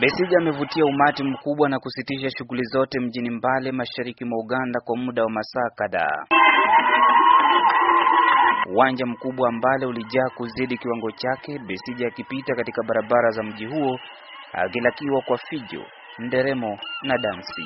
Besigye amevutia umati mkubwa na kusitisha shughuli zote mjini Mbale, mashariki mwa Uganda kwa muda wa masaa kadhaa. Uwanja mkubwa Mbale ulijaa kuzidi kiwango chake, Besigye akipita katika barabara za mji huo akilakiwa kwa fijo, nderemo na dansi.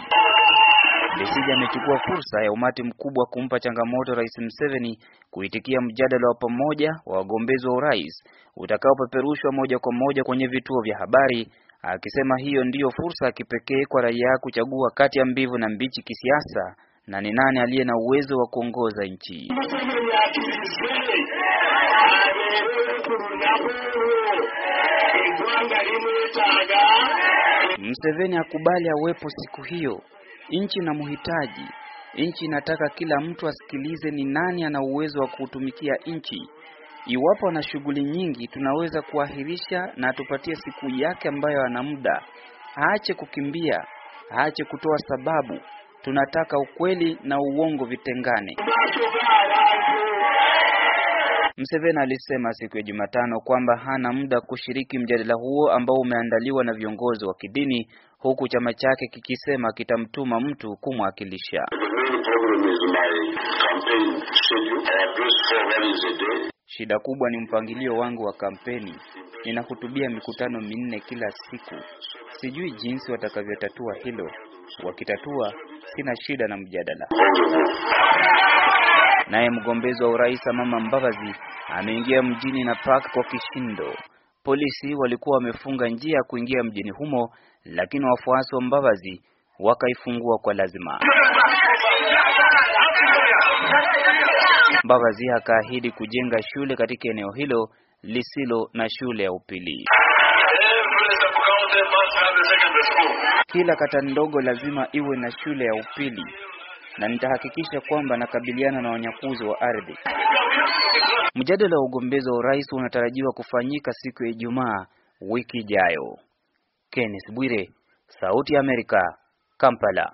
Besigye amechukua fursa ya umati mkubwa kumpa changamoto Rais Museveni kuitikia mjadala wa pamoja wa wagombezi wa urais utakaopeperushwa moja kwa moja kwenye vituo vya habari akisema hiyo ndiyo fursa ya kipekee kwa raia kuchagua kati ya mbivu na mbichi kisiasa na ni nani aliye na uwezo wa kuongoza nchi. Mseveni akubali awepo siku hiyo. Nchi inamhitaji. Nchi inataka kila mtu asikilize ni nani ana uwezo wa kuutumikia nchi, Iwapo ana shughuli nyingi, tunaweza kuahirisha na atupatie siku yake ambayo ana muda. Aache kukimbia, aache kutoa sababu. Tunataka ukweli na uongo vitengane. Mseveni alisema siku ya Jumatano kwamba hana muda kushiriki mjadala huo ambao umeandaliwa na viongozi wa kidini, huku chama chake kikisema kitamtuma mtu kumwakilisha. Shida kubwa ni mpangilio wangu wa kampeni. Ninahutubia mikutano minne kila siku. Sijui jinsi watakavyotatua hilo. Wakitatua, sina shida na mjadala. Naye mgombezi wa urais Amama Mbabazi ameingia mjini na Park kwa kishindo. Polisi walikuwa wamefunga njia ya kuingia mjini humo, lakini wafuasi wa Mbabazi wakaifungua kwa lazima. Mbavazi akaahidi kujenga shule katika eneo hilo lisilo na shule ya upili. Kila kata ndogo lazima iwe na shule ya upili, na nitahakikisha kwamba nakabiliana na wanyakuzi wa ardhi. Mjadala wa ugombezi wa urais unatarajiwa kufanyika siku ya Ijumaa wiki ijayo. Kenneth Bwire, Sauti ya Amerika, Kampala.